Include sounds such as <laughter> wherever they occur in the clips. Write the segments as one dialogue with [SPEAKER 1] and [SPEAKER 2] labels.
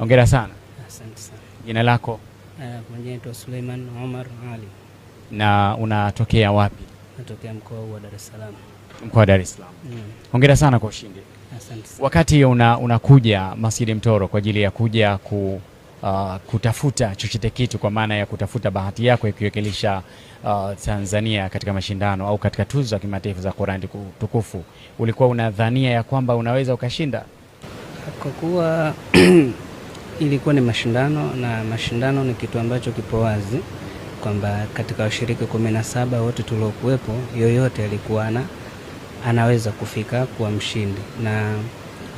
[SPEAKER 1] Hongera sana. Asante sana. Jina lako?
[SPEAKER 2] Uh, Suleiman Omar Ali.
[SPEAKER 1] Na unatokea wapi?
[SPEAKER 2] Natokea mkoa wa Dar es Salaam.
[SPEAKER 1] Mkoa wa Dar es Salaam. Mm. Hongera sana kwa ushindi. Asante sana. Wakati una, unakuja Masjidi Mtoro kwa ajili ya kuja ku Uh, kutafuta chochote kitu kwa maana ya kutafuta bahati yako ikiwakilisha uh, Tanzania katika mashindano au katika tuzo za kimataifa za Qur'ani tukufu, ulikuwa unadhania ya kwamba unaweza ukashinda?
[SPEAKER 2] Kwa kuwa <clears throat> ilikuwa ni mashindano na mashindano ni kitu ambacho kipo wazi kwamba katika washiriki kumi na saba wote tuliokuwepo, yoyote alikuwa na anaweza kufika kuwa mshindi, na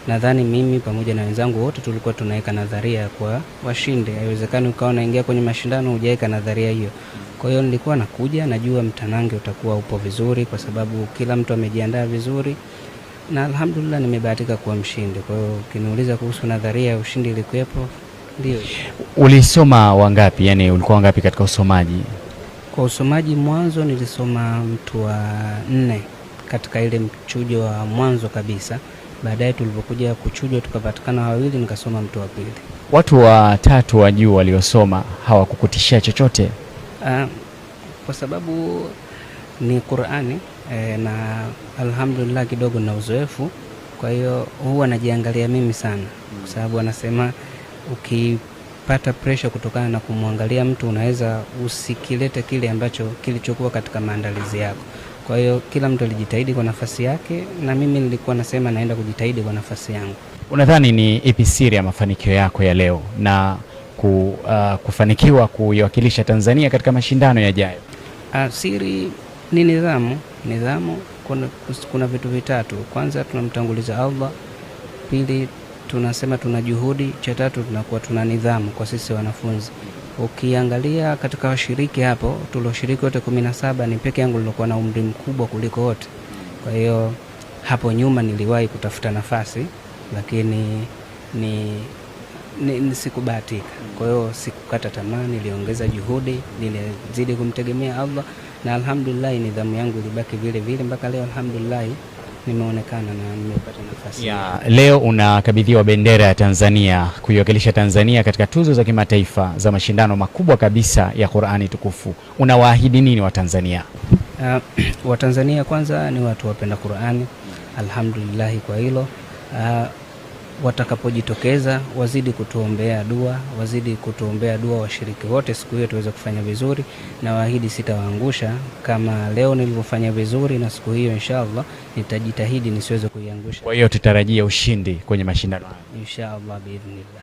[SPEAKER 2] nadhani mimi pamoja na wenzangu wote tulikuwa tunaweka nadharia kwa washinde. Haiwezekani ukawa unaingia kwenye mashindano hujaweka nadharia hiyo. Kwa hiyo nilikuwa nakuja najua mtanange utakuwa upo vizuri, kwa sababu kila mtu amejiandaa vizuri na alhamdulillah nimebahatika kuwa mshindi. Kwa hiyo ukiniuliza kuhusu nadharia ya ushindi ilikuwepo, ndio.
[SPEAKER 1] Ulisoma wangapi? Yaani ulikuwa wangapi katika usomaji?
[SPEAKER 2] Kwa usomaji mwanzo nilisoma mtu wa nne katika ile mchujo wa mwanzo kabisa. Baadaye tulipokuja kuchujwa tukapatikana wawili, nikasoma mtu wa pili.
[SPEAKER 1] Watu watatu wa juu waliosoma hawakukutishia chochote?
[SPEAKER 2] Uh, kwa sababu ni Qur'ani eh, na alhamdulillah kidogo na uzoefu, kwa hiyo huwa najiangalia mimi sana, kwa sababu wanasema ukipata presha kutokana na kumwangalia mtu, unaweza usikilete kile ambacho kilichokuwa katika maandalizi yako. Kwa hiyo kila mtu alijitahidi kwa nafasi yake, na mimi nilikuwa nasema naenda kujitahidi kwa nafasi yangu.
[SPEAKER 1] Unadhani ni ipi siri ya mafanikio yako ya leo na ku, uh, kufanikiwa kuiwakilisha Tanzania katika mashindano yajayo?
[SPEAKER 2] Uh, siri ni nidhamu. Nidhamu kuna, kuna vitu vitatu. Kwanza tunamtanguliza Allah, pili tunasema tuna juhudi, cha tatu tunakuwa tuna nidhamu kwa sisi wanafunzi. Ukiangalia katika washiriki hapo tulioshiriki wote kumi na saba ni peke yangu nilikuwa na umri mkubwa kuliko wote. Kwa hiyo hapo nyuma niliwahi kutafuta nafasi lakini ni, ni, ni sikubahatika. Kwa hiyo sikukata tamaa, niliongeza juhudi, nilizidi kumtegemea Allah na alhamdulillah nidhamu yangu ilibaki vile vile mpaka leo alhamdulillah nimeonekana na nimepata nafasi
[SPEAKER 1] ya. Leo unakabidhiwa bendera ya Tanzania kuiwakilisha Tanzania katika tuzo za kimataifa za mashindano makubwa kabisa ya Qur'ani tukufu, unawaahidi nini Watanzania?
[SPEAKER 2] Uh, <clears throat> Watanzania kwanza ni watu wapenda Qur'ani, alhamdulillahi kwa hilo uh, watakapojitokeza wazidi kutuombea dua, wazidi kutuombea dua washiriki wote, siku hiyo tuweze kufanya vizuri, na waahidi sitawaangusha kama leo nilivyofanya vizuri, na siku hiyo inshallah nitajitahidi nisiweze kuiangusha.
[SPEAKER 1] Kwa hiyo tutarajia ushindi kwenye mashindano
[SPEAKER 2] inshallah biidhnillah.